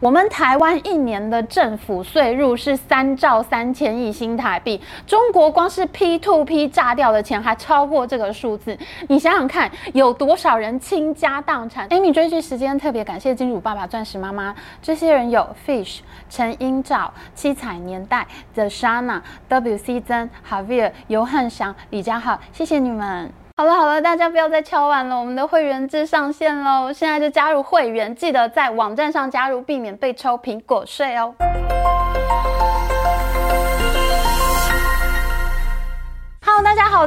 我們台灣一年的政府歲入是三兆三千億新台幣，中國光是 P2P 炸掉的錢還超過這個數字。你想想看，有多少人傾家蕩產？Emmy、哎、追劇時間特別感謝金主爸爸、鑽石媽媽，這些人有 Fish、陳英照、七彩年代、The Shana、W C Zen、Havier、尤漢祥、李嘉浩，謝謝你們。好了好了，大家不要再敲碗了，我們的會員制上線嘍！現在就加入會員，記得在網站上加入，避免被抽蘋果稅哦。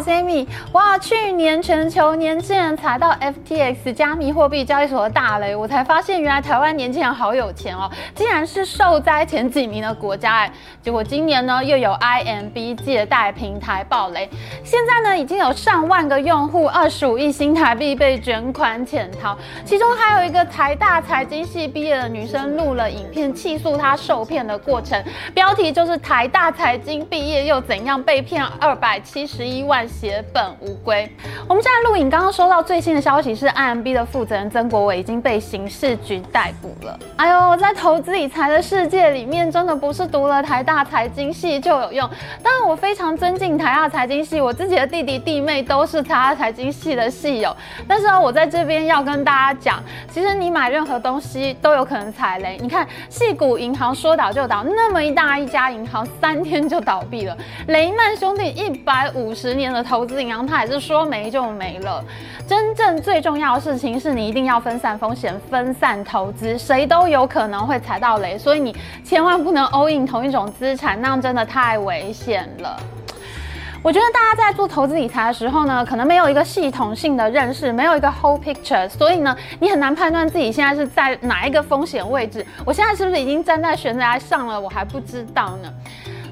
Emmy，哇！去年全球年輕人踩到 FTX 加密貨幣交易所的大雷，我才發現原來台灣年輕人好有錢哦，竟然是受災前幾名的國家欸。結果今年呢，又有 IMB 借貸平台爆雷，現在呢已經有上萬個用戶，二十五億新台幣被卷款潛逃。其中還有一個台大財經系畢業的女生錄了影片，起訴她受騙的過程，標題就是“台大財經畢業又怎樣被騙二百七十一萬”。血本無歸。我們現在錄影，剛剛收到最新的消息是，im.B 的負責人曾國偉已經被刑事局逮捕了。哎呦，在投資理財的世界裡面，真的不是讀了台大財經系就有用。當然，我非常尊敬台大財經系，我自己的弟弟弟妹都是台大財經系的系友。但是呢、哦，我在這邊要跟大家講，其實你買任何東西都有可能踩雷。你看，矽谷銀行說倒就倒，那麼一大一家銀行三天就倒閉了。雷曼兄弟一百五十年。的投資銀行，它也是說沒就沒了。真正最重要的事情是你一定要分散風險、分散投資，誰都有可能會踩到雷，所以你千萬不能 all in 同一種資產，那樣真的太危險了。我覺得大家在做投資理財的時候呢，可能沒有一個系統性的認識，沒有一個 whole picture，所以呢，你很難判斷自己現在是在哪一個風險位置。我現在是不是已經站在懸崖上了？我還不知道呢。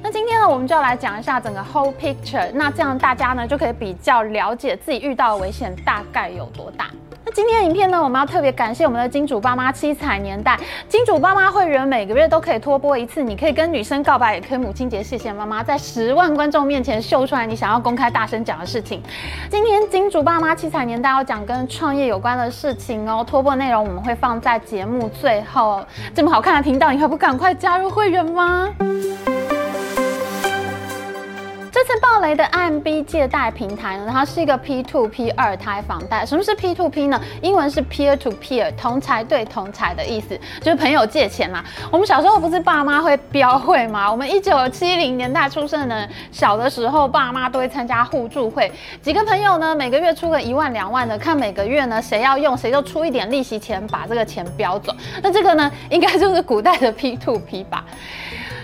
那今天呢，我們就要來講一下整個 whole picture。那這樣大家呢，就可以比較了解自己遇到的危險大概有多大。那今天的影片呢，我們要特別感謝我們的金主爸媽七彩年代金主爸媽會員，每個月都可以託播一次，你可以跟女生告白，也可以母親節謝謝媽媽，在十萬觀眾面前秀出來你想要公開大聲講的事情。今天金主爸媽七彩年代要講跟創業有關的事情哦，託播內容我們會放在節目最後。這麼好看的頻道，你還不趕快加入會員嗎？這次暴雷的 IMB 借貸平台呢，它是一個 P2P 二胎房貸。什麼是 P2P 呢？英文是 peer to peer，同儕對同儕的意思，就是朋友借錢嘛。我們小時候不是爸媽會標會嗎？我們一九七零年代出生的人，小的時候爸媽都會參加互助會，幾個朋友呢，每個月出個一萬兩萬的，看每個月呢誰要用，誰就出一點利息錢把這個錢標走。那這個呢，應該就是古代的 P2P 吧。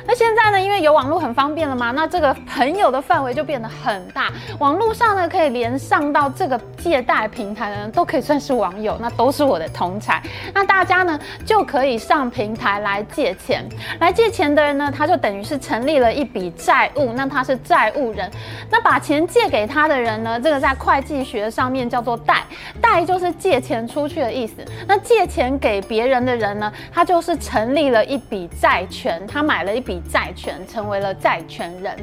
那現在呢，因為有網絡很方便了嘛，那這個朋友的範圍就變得很大。網絡上呢，可以連上到這個借貸平台的人，都可以算是網友。那都是我的同儕。那大家呢，就可以上平台來借錢。來借錢的人呢，他就等於是成立了一筆債務。那他是債務人。那把錢借給他的人呢，這個在會計學上面叫做貸，貸就是借錢出去的意思。那借錢給別人的人呢，他就是成立了一筆債權。他買了一筆。債權成為了債權人，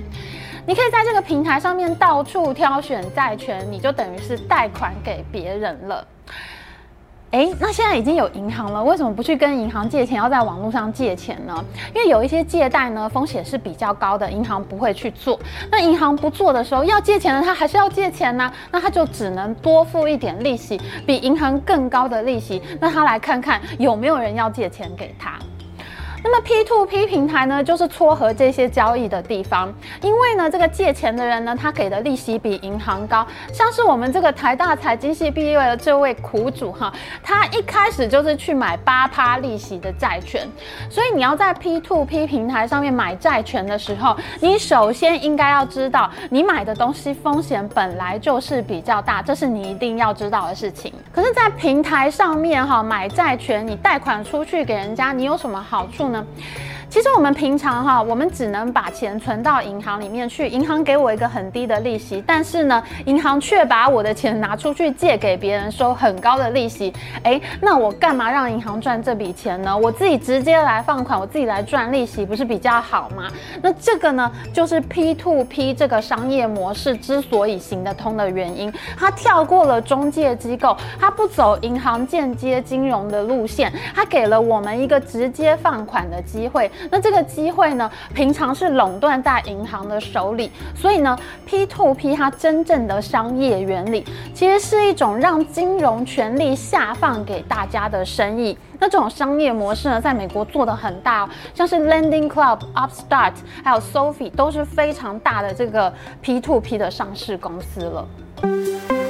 你可以在這個平台上面到處挑選債權，你就等於是貸款給別人了。哎，那現在已經有銀行了，為什麼不去跟銀行借錢，要在網絡上借錢呢？因為有一些借貸呢，風險是比較高的，銀行不會去做。那銀行不做的時候，要借錢的他還是要借錢呢、啊，那他就只能多付一點利息，比銀行更高的利息，那他來看看有沒有人要借錢給他。那麼 P2P 平台呢，就是撮合這些交易的地方。因為呢，這個借錢的人呢，他給的利息比銀行高。像是我們這個台大財經系畢業的這位苦主哈，他一開始就是去買八趴利息的債權。所以你要在 P2P 平台上面買債權的時候，你首先應該要知道，你買的東西風險本來就是比較大，這是你一定要知道的事情。可是，在平台上面哈、哦、買債權，你貸款出去給人家，你有什麼好處呢？呢。嗯其實我們平常哈，我們只能把錢存到銀行裡面去，銀行給我一個很低的利息，但是呢，銀行卻把我的錢拿出去借給別人，收很高的利息。誒，那我幹嘛讓銀行賺這筆錢呢？我自己直接來放款，我自己來賺利息，不是比較好嗎？那這個呢，就是 P2P 這個商業模式之所以行得通的原因，它跳過了中介機構，它不走銀行間接金融的路線，它給了我們一個直接放款的機會。那這個機會呢，平常是壟斷在銀行的手裡，所以呢，P to P 它真正的商業原理，其實是一種讓金融權力下放給大家的生意。那這種商業模式呢，在美國做得很大哦，像是 Lending Club、Upstart，還有 SoFi 都是非常大的這個 P to P 的上市公司了。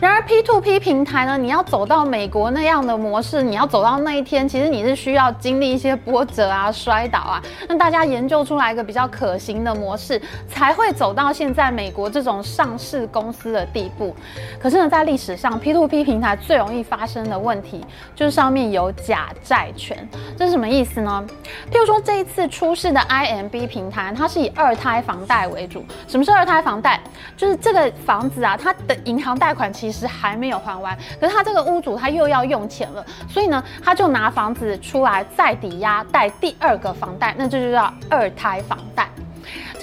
然而 P2P 平台呢，你要走到美國那樣的模式，你要走到那一天，其實你是需要經歷一些波折啊、摔倒啊，那大家研究出來一個比較可行的模式，才會走到現在美國這種上市公司的地步。可是呢，在歷史上 P2P 平台最容易發生的問題就是上面有假債權，這是什麼意思呢？譬如說這一次出事的 IMB 平台，它是以二胎房貸為主。什麼是二胎房貸？就是這個房子啊，它的銀行貸款其實，其實還沒有還完，可是他這個屋主他又要用錢了，所以呢，他就拿房子出來再抵押貸第二個房貸，那這就叫二胎房貸。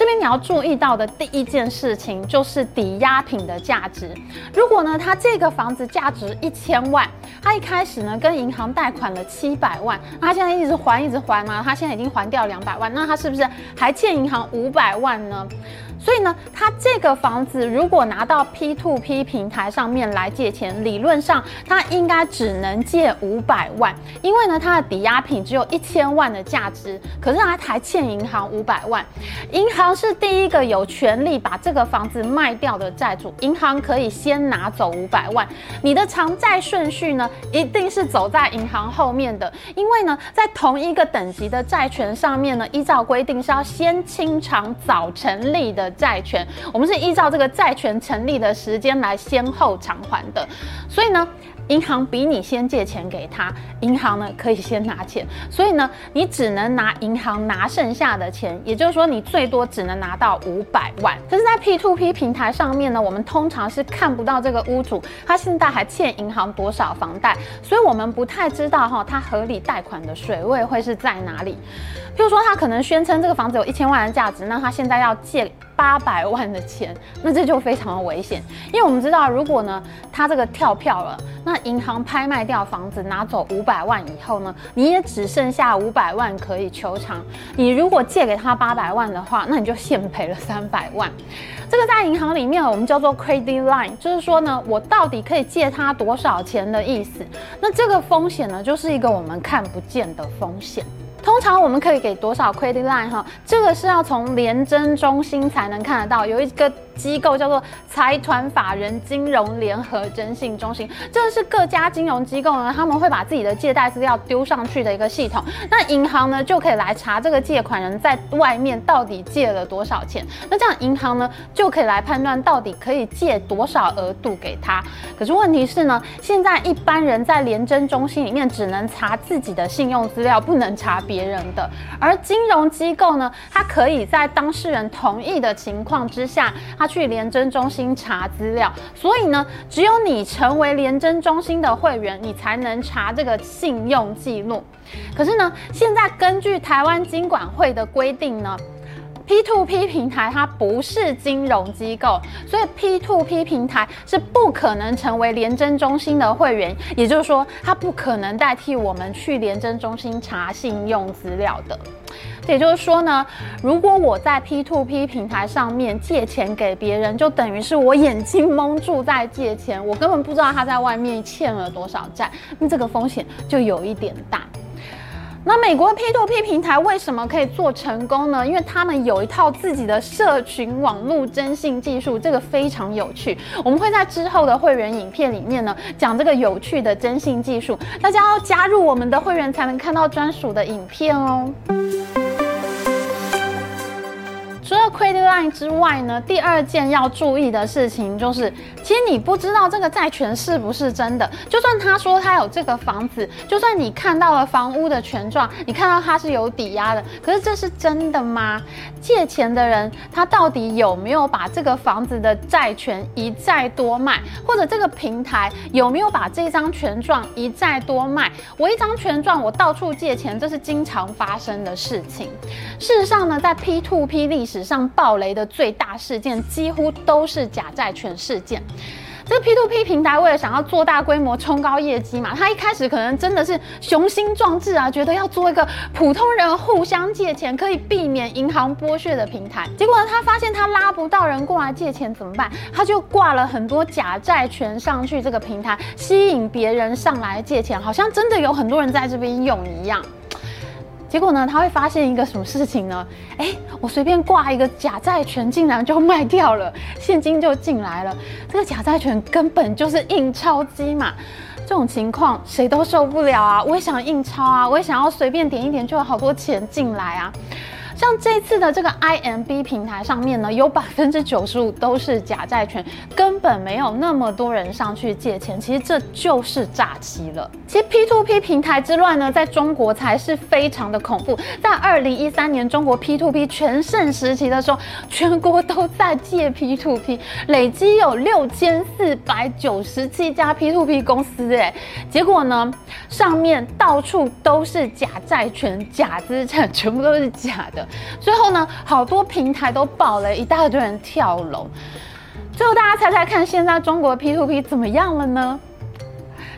所以你要注意到的第一件事情就是抵押品的價值。如果呢，他這個房子價值一千萬，他一開始呢跟銀行貸款了七百萬，他現在一直還一直還嘛、啊，他現在已經還掉兩百萬，那他是不是還欠銀行五百萬呢？所以呢，他這個房子如果拿到 P2P 平台上面來借錢，理論上他應該只能借五百萬，因為呢他的抵押品只有一千萬的價值，可是他還欠銀行五百萬，銀行是，是第一個有權利把這個房子賣掉的債主，銀行可以先拿走五百萬。你的償債順序呢，一定是走在銀行後面的，因為呢，在同一個等級的債權上面呢，依照規定是要先清償早成立的債權。我們是依照這個債權成立的時間來先後償還的，所以呢。銀行比你先借錢給他，銀行呢可以先拿錢，所以呢，你只能拿銀行拿剩下的錢，也就是說，你最多只能拿到五百萬。可是在 P2P 平台上面呢，我們通常是看不到這個屋主他現在還欠銀行多少房貸，所以我們不太知道哈、哦、他合理貸款的水位會是在哪裡。譬如說他可能宣稱這個房子有一千萬的價值，那他現在要借。八百萬的錢，那這就非常的危險，因為我們知道，如果呢，他這個跳票了，那銀行拍賣掉房子拿走五百萬以後呢，你也只剩下五百萬可以求償。你如果借給他八百萬的話，那你就現賠了三百萬。這個在銀行裡面我們叫做 credit line，就是說呢，我到底可以借他多少錢的意思。那這個風險呢，就是一個我們看不見的風險。通常我們可以給多少 credit line 哈？這個是要從聯徵中心才能看得到，有一個機構叫做財團法人金融聯合徵信中心，這是各家金融機構呢，他們會把自己的借貸資料丟上去的一個系統。那銀行呢，就可以來查這個借款人在外面到底借了多少錢。那這樣銀行呢，就可以來判斷到底可以借多少額度給他。可是問題是呢，現在一般人在聯徵中心裡面只能查自己的信用資料，不能查別人的。而金融機構呢，它可以在當事人同意的情況之下，去聯徵中心查資料，所以呢，只有你成為聯徵中心的會員，你才能查這個信用記錄。可是呢，現在根據台灣金管會的規定呢，P2P 平台它不是金融機構，所以 P2P 平台是不可能成為聯徵中心的會員，也就是說，它不可能代替我們去聯徵中心查信用資料的。也就是說呢，如果我在 P2P 平台上面借錢給別人，就等於是我眼睛蒙住在借錢，我根本不知道他在外面欠了多少債，那這個風險就有一點大。那美國 P2P 平台為什麼可以做成功呢？因為他們有一套自己的社群網絡徵信技術，這個非常有趣。我們會在之後的會員影片裡面呢，講這個有趣的徵信技術，大家要加入我們的會員才能看到專屬的影片哦。credit line 之外呢，第二件要注意的事情就是，其實你不知道這個債權是不是真的。就算他說他有這個房子，就算你看到了房屋的權狀，你看到他是有抵押的，可是這是真的嗎？借錢的人他到底有沒有把這個房子的債權一債多賣，或者這個平台有沒有把這張權狀一債多賣？我一張權狀，我到處借錢，這是經常發生的事情。事實上呢，在 P2P 歷史上，暴雷的最大事件幾乎都是假債權事件。這 P2P 平台為了想要做大規模衝高業績嘛，他一開始可能真的是雄心壯志啊，覺得要做一個普通人互相借錢可以避免銀行剝削的平台。結果呢，他發現他拉不到人過來借錢怎麼辦？他就掛了很多假債權上去，這個平台吸引別人上來借錢，好像真的有很多人在這邊用一樣。結果呢？他會發現一個什麼事情呢？哎，我隨便掛一個假債權，竟然就賣掉了，現金就進來了。這個假債權根本就是印鈔機嘛！這種情況誰都受不了啊！我也想印鈔啊！我也想要隨便點一點就有好多錢進來啊！像這次的這個 IMB 平台上面呢，有百分之九十五都是假債權，根本沒有那麼多人上去借錢。其實這就是詐欺了。其實 P2P 平台之亂呢，在中國才是非常的恐怖。在二零一三年中國 P2P 全盛時期的時候，全國都在借 P2P，累積有六千四百九十七家 P2P 公司、欸，誒。結果呢，上面到處都是假債權、假資產，全部都是假的。最後呢，好多平台都爆了，一大堆人跳樓。最後大家猜猜看，現在中國的 P2P 怎麼樣了呢？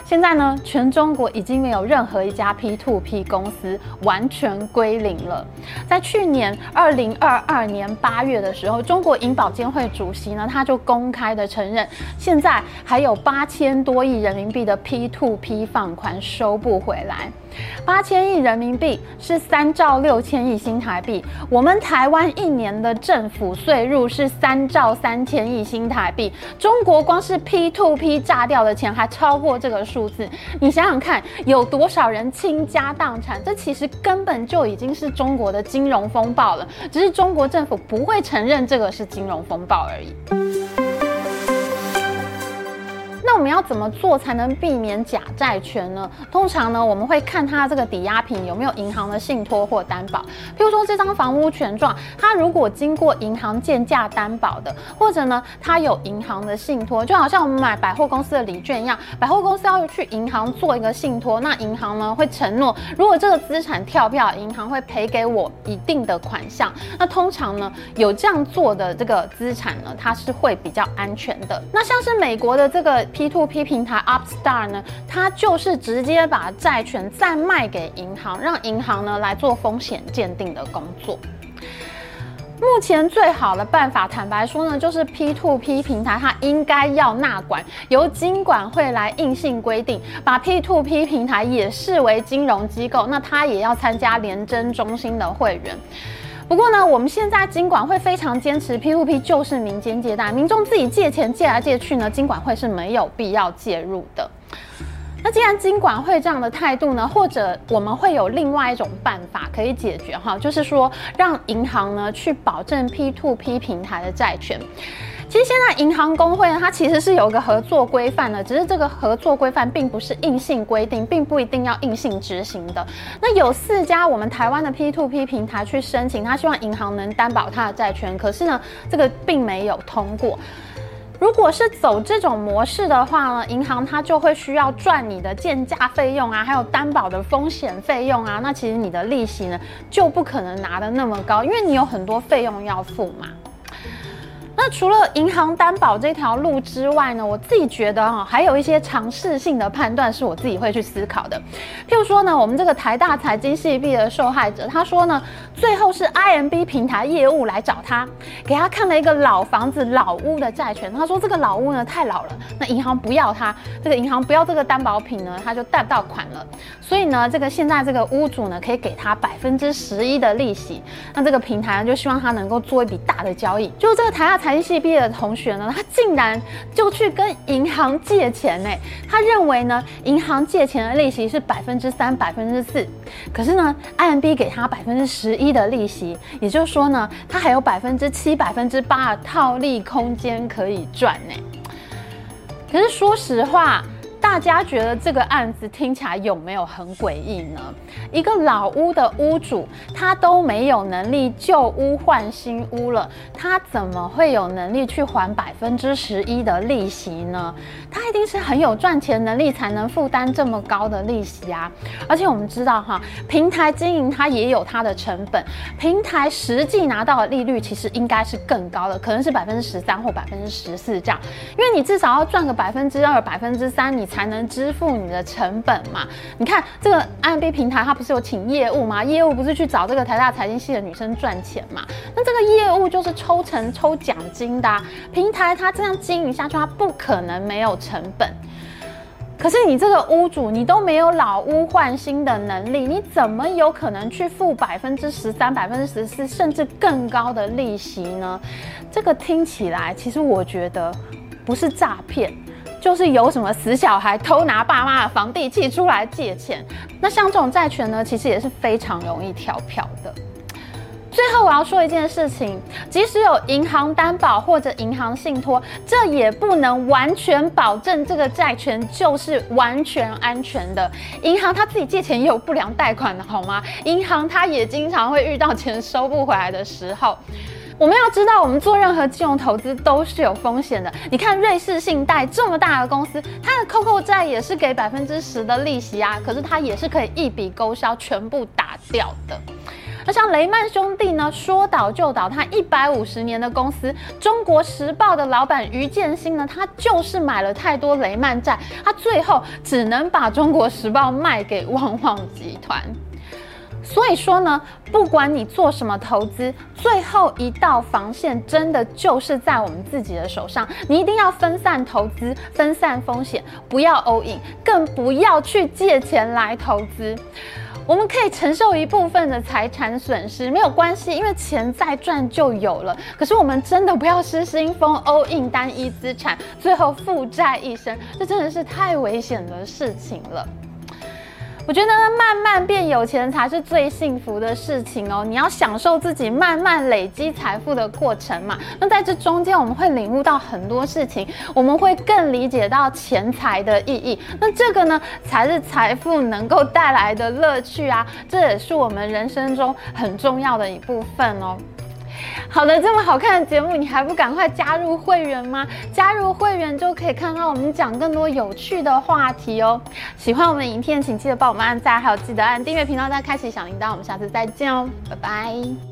現在呢，全中國已經沒有任何一家 P2P 公司完全歸零了。在去年二零二二年八月的時候，中國銀保監會主席呢，他就公開的承認，現在還有八千多億人民幣的 P2P 放款收不回來。八千億人民幣是三兆六千億新台幣，我們台灣一年的政府稅入是三兆三千億新台幣。中國光是 P2P 炸掉的錢還超過這個數字，你想想看，有多少人傾家蕩產？這其實根本就已經是中國的金融風暴了，只是中國政府不會承認這個是金融風暴而已。我們要怎麼做才能避免假債權呢？通常呢，我們會看它的這個抵押品有沒有銀行的信托或擔保。譬如說，這張房屋權狀，它如果經過銀行鑑價擔保的，或者呢，它有銀行的信托，就好像我們買百貨公司的禮券一樣，百貨公司要去銀行做一個信托，那銀行呢會承諾，如果這個資產跳票，銀行會賠給我一定的款項。那通常呢，有這樣做的這個資產呢，它是會比較安全的。那像是美國的這個 P。P2P 平台 Upstart 呢，它就是直接把債權再賣給銀行，讓銀行呢來做風險鑑定的工作。目前最好的辦法，坦白說呢，就是 P2P 平台它應該要納管，由金管會來硬性規定，把 P2P 平台也視為金融機構，那它也要參加聯徵中心的會員。不過呢，我們現在金管會非常堅持 P2P 就是民間借貸，民眾自己借錢借來借去呢，金管會是沒有必要介入的。那既然金管會這樣的態度呢，或者我們會有另外一種辦法可以解決哈，就是說讓銀行呢去保證 P2P 平台的債權。其實現在銀行公會呢，它其實是有個合作規範的，只是這個合作規範並不是硬性規定，並不一定要硬性執行的。那有四家我們台灣的 P2P 平台去申請，他希望銀行能擔保他的債權，可是呢，這個並沒有通過。如果是走這種模式的話呢，銀行它就會需要賺你的鑑價費用啊，還有擔保的風險費用啊，那其實你的利息呢就不可能拿得那麼高，因為你有很多費用要付嘛。那除了銀行擔保這條路之外呢，我自己覺得哈、哦，還有一些嘗試性的判斷是我自己會去思考的。譬如說呢，我們這個台大財經系畢業的受害者，他說呢，最後是 IMB 平台業務來找他，給他看了一個老房子、老屋的債權。他說這個老屋呢太老了，那銀行不要他，這個銀行不要這個擔保品呢，他就貸不到款了。所以呢，這個現在這個屋主呢，可以給他百分之十一的利息。那這個平台呢，就希望他能夠做一筆大的交易。就這個台大財。財系畢業的同學呢，他竟然就去跟銀行借錢呢，他認為呢，銀行借錢的利息是百分之三、百分之四，可是呢，imB 給他百分之十一的利息，也就是說呢，他還有百分之七、百分之八的套利空間可以賺呢。可是說實話。大家覺得這個案子聽起來有沒有很詭異呢？一個老屋的屋主，他都沒有能力舊屋換新屋了，他怎麼會有能力去還百分之十一的利息呢？他一定是很有賺錢能力才能負擔這麼高的利息啊！而且我們知道哈，平台經營它也有它的成本，平台實際拿到的利率其實應該是更高的，可能是百分之十三或百分之十四這樣，因為你至少要賺個百分之二、百分之三，你才能支付你的成本嘛。你看這個 IMB 平台，它不是有請業務嗎？業務不是去找這個台大財經系的女生賺錢嘛？那這個業務就是抽成、抽獎金的、啊、平台，它這樣經營下去，它不可能沒有成本。可是你這個屋主，你都沒有老屋換新的能力，你怎麼有可能去付百分之十三、百分之十四，甚至更高的利息呢？這個聽起來，其實我覺得不是詐騙。就是有什麼死小孩偷拿爸媽的房地契出來借錢，那像這種債權呢，其實也是非常容易跳票的。最後我要說一件事情，即使有銀行擔保或者銀行信托，這也不能完全保證這個債權就是完全安全的。銀行他自己借錢也有不良貸款的好嗎？銀行他也經常會遇到錢收不回來的時候。我們要知道，我們做任何金融投資都是有風險的。你看，瑞士信貸這麼大的公司，它的 COCO 債也是給百分之十的利息啊，可是它也是可以一筆勾銷，全部打掉的。那像雷曼兄弟呢，說倒就倒，它一百五十年的公司，中國時報的老闆余建新呢，他就是買了太多雷曼債，他最後只能把中國時報賣給旺旺集團。所以說呢，不管你做什麼投資，最後一道防線真的就是在我們自己的手上。你一定要分散投資，分散風險，不要 all in，更不要去借錢來投資。我們可以承受一部分的財產損失，沒有關係，因為錢再賺就有了。可是我們真的不要失心瘋 all in 單一資產，最後負債一身，這真的是太危險的事情了。我覺得慢慢變有錢才是最幸福的事情哦。你要享受自己慢慢累積財富的過程嘛，那在這中間，我們會領悟到很多事情，我們會更理解到錢財的意義。那這個呢，才是財富能夠帶來的樂趣啊，這也是我們人生中很重要的一部分哦。好的，這麼好看的節目，你還不趕快加入會員嗎？加入會員就可以看到我們講更多有趣的話題哦。喜歡我們影片，請記得幫我們按讚，還有記得按訂閱頻道，再開啟小鈴鐺。我們下次再見哦，拜拜。